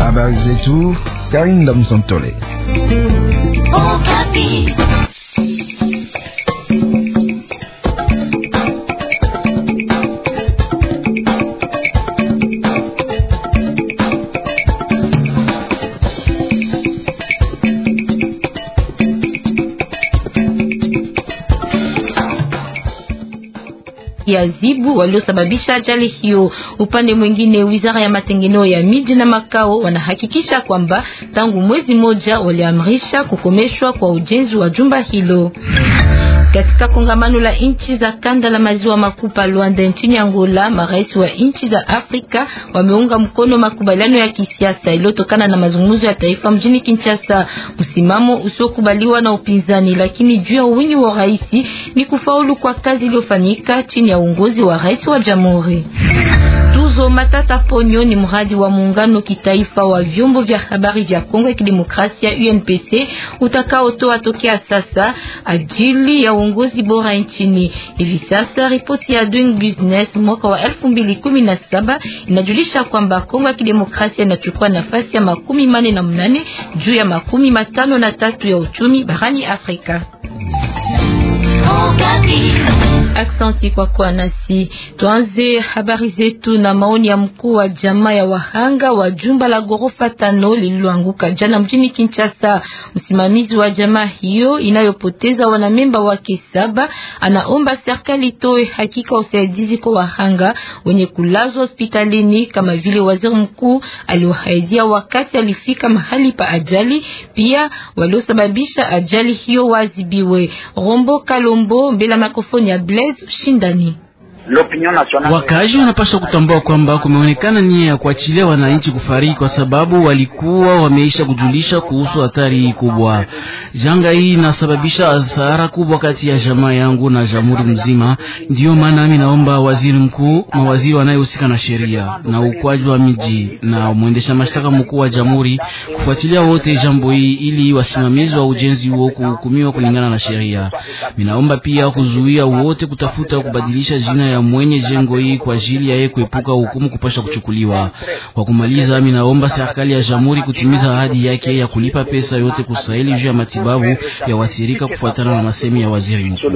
Habari zetu Karinda Msantole. ya zibu waliosababisha ajali hiyo. Upande mwingine, wizara ya matengeneo ya miji na makao wanahakikisha kwamba tangu mwezi moja waliamrisha kukomeshwa kwa ujenzi wa jumba hilo. Katika kongamano la nchi za kanda la maziwa makuu pa Luanda nchini Angola, marais wa nchi za Afrika wameunga mkono makubaliano ya kisiasa iliyotokana na mazungumzo ya taifa mjini Kinshasa. Msimamo usiokubaliwa na upinzani, lakini juu ya wingi wa rais ni kufaulu kwa kazi iliyofanyika chini ya uongozi wa rais wa jamhuri. Mafunzo Matata Ponyo ni mradi wa muungano kitaifa wa vyombo vya habari vya Kongo ya Kidemokrasia UNPC utakaotoa tokea sasa ajili ya uongozi bora nchini. Hivi sasa ripoti ya Doing Business mwaka wa 2017 inajulisha kwamba Kongo ya Kidemokrasia inachukua nafasi ya makumi mane na mnane juu ya makumi matano na tatu ya uchumi barani Afrika. Oh, Aksanti kwa kuwa nasi. Tuanze habari zetu na maoni ya mkuu wa jamaa ya wahanga wa jumba la ghorofa tano lililoanguka jana mjini Kinshasa. Msimamizi wa jamaa hiyo inayopoteza wanamemba wake saba anaomba serikali itoe hakika usaidizi kwa wahanga wenye kulazwa hospitalini kama vile waziri mkuu aliwahaidia wakati alifika mahali pa ajali. Pia waliosababisha ajali hiyo wazibiwe. Rombo Kalombo mbele ya mikrofoni ya Blaise 来自新的你。Wakaaji wanapaswa kutambua kwamba kumeonekana nia ya kuachilia wananchi kufariki kwa sababu walikuwa wameisha kujulisha kuhusu hatari hii kubwa. Janga hii inasababisha hasara kubwa kati ya jamaa yangu na jamhuri mzima. Ndiyo maana mimi naomba waziri mkuu, mawaziri wanayehusika na sheria na ukuaji wa miji na mwendesha mashtaka mkuu wa jamhuri kufuatilia wote jambo hii, ili wasimamizi wa ujenzi huo kuhukumiwa kulingana na sheria. Ninaomba pia kuzuia wote kutafuta kubadilisha jina ya mwenye jengo hii kwa ajili ya yeye kuepuka hukumu kupasha kuchukuliwa. Kwa kumaliza, mimi naomba serikali ya jamhuri kutimiza ahadi yake ya kulipa pesa yote kusaheli juu ya matibabu ya waathirika kufuatana na masemi ya waziri mkuu.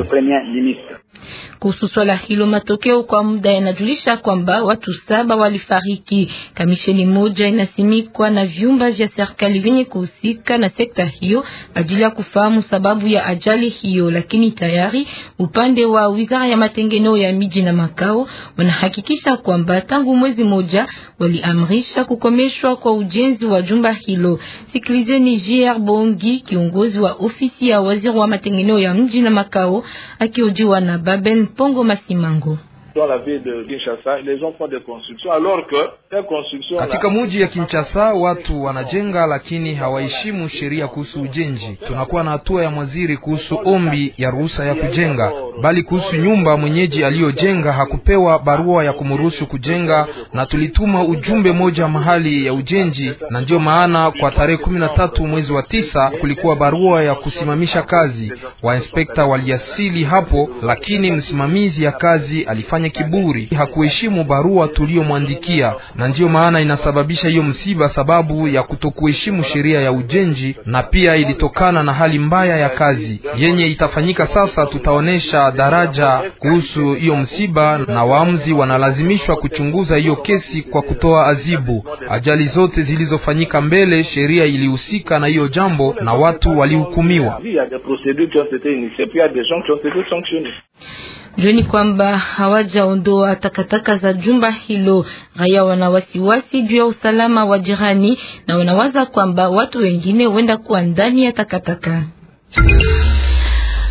Kuhusu swala hilo, matokeo kwa muda yanajulisha kwamba watu saba walifariki. Kamisheni moja inasimikwa na vyumba vya serikali vyenye kuhusika na sekta hiyo ajili ya kufahamu sababu ya ajali hiyo, lakini tayari upande wa wizara ya matengenezo ya miji na makao wanahakikisha kwamba tangu mwezi moja waliamrisha kukomeshwa kwa ujenzi wa jumba hilo. Sikilizeni J.R. Bongi, kiongozi wa ofisi ya waziri wa matengenezo ya mji na makao, akiojiwa na Dans la ville de Kinshasa, les emplois de construction, alors que Katika muji ya Kinshasa watu wanajenga, lakini hawaheshimu sheria kuhusu ujenzi. Tunakuwa na hatua ya mwaziri kuhusu ombi ya ruhusa ya kujenga, bali kuhusu nyumba mwenyeji aliyojenga hakupewa barua ya kumruhusu kujenga, na tulituma ujumbe moja mahali ya ujenzi, na ndiyo maana kwa tarehe kumi na tatu mwezi wa tisa kulikuwa barua ya kusimamisha kazi. Wainspekta waliasili hapo, lakini msimamizi ya kazi alifanya kiburi, hakuheshimu barua tuliyomwandikia na ndiyo maana inasababisha hiyo msiba, sababu ya kutokuheshimu sheria ya ujenzi, na pia ilitokana na hali mbaya ya kazi yenye itafanyika. Sasa tutaonesha daraja kuhusu hiyo msiba, na waamuzi wanalazimishwa kuchunguza hiyo kesi kwa kutoa azibu. Ajali zote zilizofanyika mbele, sheria ilihusika na hiyo jambo na watu walihukumiwa. Jueni kwamba hawajaondoa takataka za jumba hilo. Raia wana wasiwasi juu ya usalama wa jirani na wanawaza kwamba watu wengine huenda kuwa ndani ya takataka.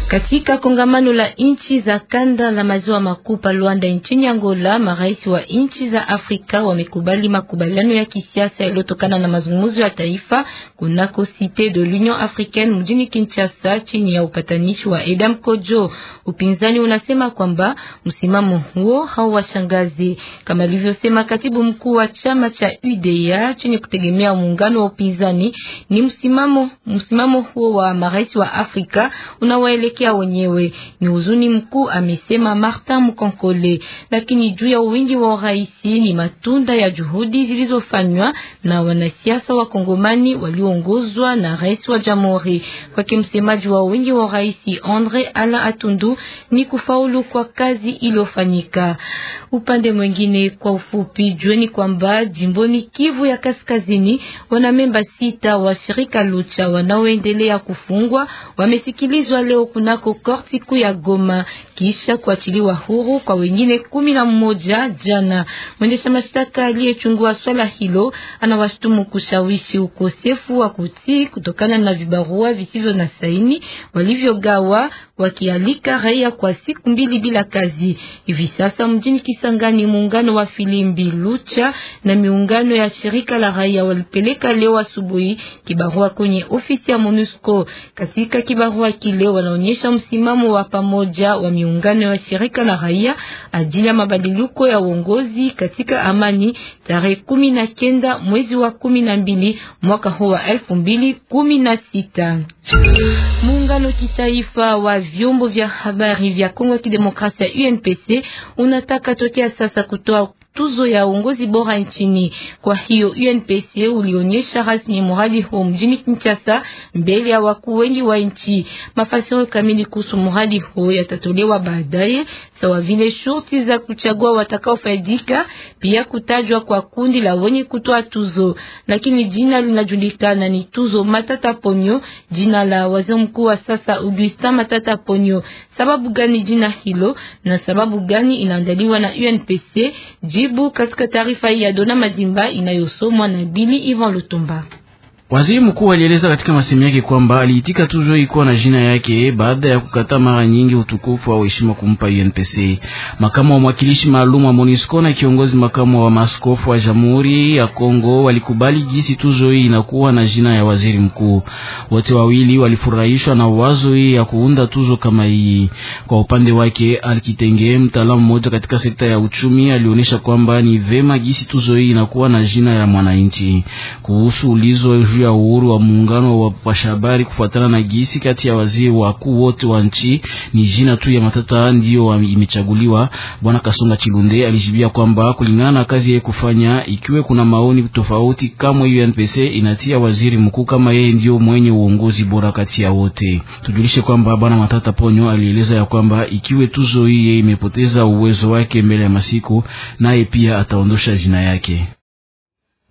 Katika kongamano la nchi za kanda la maziwa makuu pa Luanda nchini Angola, marais wa nchi za Afrika wamekubali makubaliano ya kisiasa yaliyotokana na mazungumzo ya taifa kunako Cite de l'Union Africaine mjini Kinshasa chini ya upatanishi wa Edam Kojo. Upinzani unasema kwamba msimamo huo hauwashangazi, kama alivyosema katibu mkuu wa chama cha UDA chini kutegemea muungano wa upinzani. Ni msimamo msimamo huo wa marais wa Afrika unawaelekea kujiwekea wenyewe. Ni huzuni mkuu, amesema Martin Mkonkole. Lakini juu ya wingi wa uraisi, ni matunda ya juhudi zilizofanywa na wanasiasa wa Kongomani walioongozwa na rais wa jamhuri. Kwa kimsemaji wa wingi wa uraisi Andre Ala Atundu, ni kufaulu kwa kazi iliyofanyika. Upande mwingine, kwa ufupi, jueni kwamba jimboni Kivu ya Kaskazini wanamemba sita wa shirika Lucha wanaoendelea kufungwa wamesikilizwa leo kuna kunako korti kuu ya Goma kisha kuachiliwa huru kwa wengine kumi na mmoja jana. Mwendesha mashtaka aliyechungua swala hilo anawashtumu kushawishi ukosefu wa kutii kutokana na vibarua visivyo na saini walivyogawa wakialika raia kwa siku mbili bila kazi. Hivi sasa mjini Kisangani, muungano wa Filimbi Lucha na miungano ya shirika la raia walipeleka leo asubuhi kibarua kwenye ofisi ya MONUSCO. Katika kibarua kile wanaonyesha kuonyesha msimamo wa pamoja wa miungano ya shirika la raia ajili ya mabadiliko ya uongozi katika amani tarehe kumi na kenda mwezi wa kumi na mbili mwaka huu wa elfu mbili kumi na sita. Muungano kitaifa wa vyombo vya habari vya Kongo ya Kidemokrasia UNPC unataka tokea sasa kutoa tuzo ya uongozi bora nchini. Kwa hiyo UNPC ulionyesha rasmi mradi huu mjini Kinshasa mbele ya wakuu wengi wa nchi. Mafasiri kamili kuhusu mradi huu yatatolewa baadaye, sawa vile shurti za kuchagua watakaofaidika, pia kutajwa kwa kundi la wenye kutoa tuzo, lakini jina linajulikana ni tuzo Matata Ponyo, jina la waziri mkuu wa sasa Augustin Matata Ponyo. Sababu gani jina hilo na sababu gani inaandaliwa na UNPC? majibu katika taarifa hii ya Dona Madimba inayosomwa na Bili Ivan Lutumba. Waziri mkuu alieleza katika masemi yake kwamba aliitika tuzo ikuwa na jina yake baada ya kukataa mara nyingi utukufu au heshima kumpa UNPC. Makamu wa mwakilishi maalum wa MONUSCO na kiongozi makamu wa maskofu wa Jamhuri ya Kongo walikubali jinsi tuzo hii inakuwa na jina ya waziri mkuu. Wote wawili walifurahishwa na wazo hii ya kuunda tuzo kama hii. Kwa upande wake, Alkitenge, mtaalamu mmoja katika sekta ya uchumi, alionyesha kwamba ni vema jinsi tuzo hii inakuwa na jina ya mwananchi. Kuhusu ulizo juu ya uhuru wa muungano wa wapasha habari, kufuatana na gisi kati ya waziri wakuu wote wa nchi ni jina tu ya Matata ndiyo imechaguliwa. Bwana Kasonga Chilunde alijibia kwamba kulingana na kazi yeye kufanya, ikiwe kuna maoni tofauti, kamwe hiyo NPC inatia waziri mkuu kama yeye ndiyo mwenye uongozi bora kati ya wote. Tujulishe kwamba Bwana Matata Ponyo alieleza ya kwamba ikiwe tuzo hii imepoteza uwezo wake mbele ya masiku, naye pia ataondosha jina yake.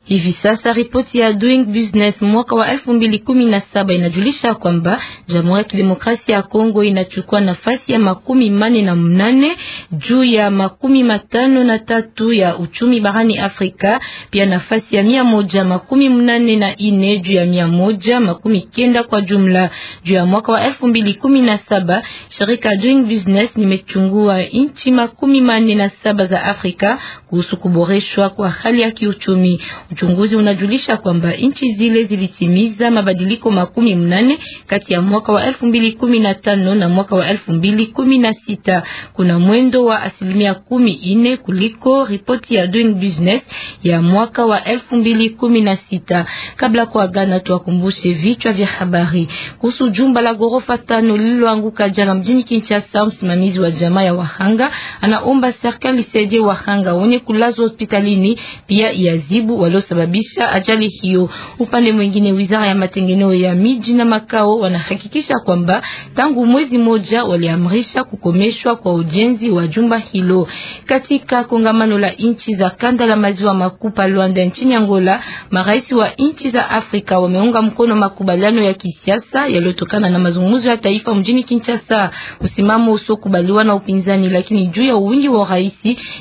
Hivi sasa ripoti ya Doing Business mwaka wa 2017 inajulisha kwamba Jamhuri ya Kidemokrasia ya Kongo inachukua nafasi ya makumi mane na mnane juu ya makumi matano na tatu ya uchumi barani Afrika, pia nafasi ya mia moja makumi mnane na ine juu ya mia moja makumi kenda kwa jumla. Juu ya mwaka wa 2017 shirika Doing Business limechungua nchi makumi mane na saba za Afrika kuhusu kuboreshwa kwa hali ya kiuchumi. Uchunguzi unajulisha kwamba nchi zile zilitimiza mabadiliko makumi mnane kati ya mwaka wa elfu mbili kumi na tano na mwaka wa elfu mbili kumi na sita Kuna mwendo wa asilimia kumi ine kuliko ripoti ya Doing Business ya mwaka wa elfu mbili kumi na sita Kabla kwa kuagana, tuwakumbushe vichwa vya habari kuhusu jumba la ghorofa tano lililoanguka jana mjini Kinshasa. Msimamizi wa jamaa ya wahanga anaomba serikali saidie wahanga wenye kulazwa hospitalini, pia iazibu walio iliyosababisha ajali hiyo. Upande mwingine, wizara ya matengeneo ya miji na makao wanahakikisha kwamba tangu mwezi moja waliamrisha kukomeshwa kwa ujenzi wa jumba hilo. Katika kongamano la nchi za kanda la maziwa makuu pa Luanda nchini Angola, marais wa nchi za Afrika wameunga mkono makubaliano ya kisiasa yaliyotokana na mazungumzo ya taifa mjini Kinshasa. Usimamo usiokubaliwa na upinzani, lakini juu ya uwingi wa rais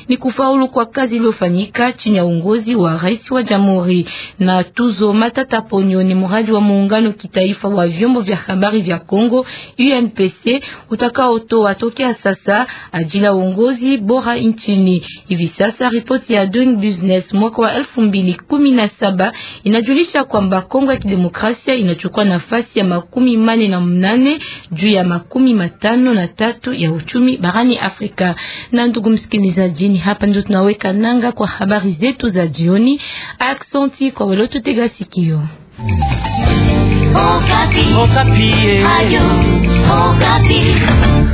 ni kufaulu kwa kazi iliyofanyika chini ya uongozi wa rais wa jamhuri. Jamhuri. Na tuzo Matata Ponyo ni mradi wa muungano kitaifa wa vyombo vya habari vya Kongo UNPC utakaotoa tokea sasa ajila uongozi bora nchini. Hivi sasa ripoti ya Doing Business mwaka wa 2017 inajulisha kwamba Kongo ya Kidemokrasia inachukua nafasi ya makumi mane na mnane juu ya makumi matano na tatu ya uchumi barani Afrika. Na ndugu msikilizaji, hapa ndio tunaweka nanga kwa habari zetu za jioni. Aksanti kwa walotutega sikio. Okapi. Okapi. Eh. Ayo. Okapi.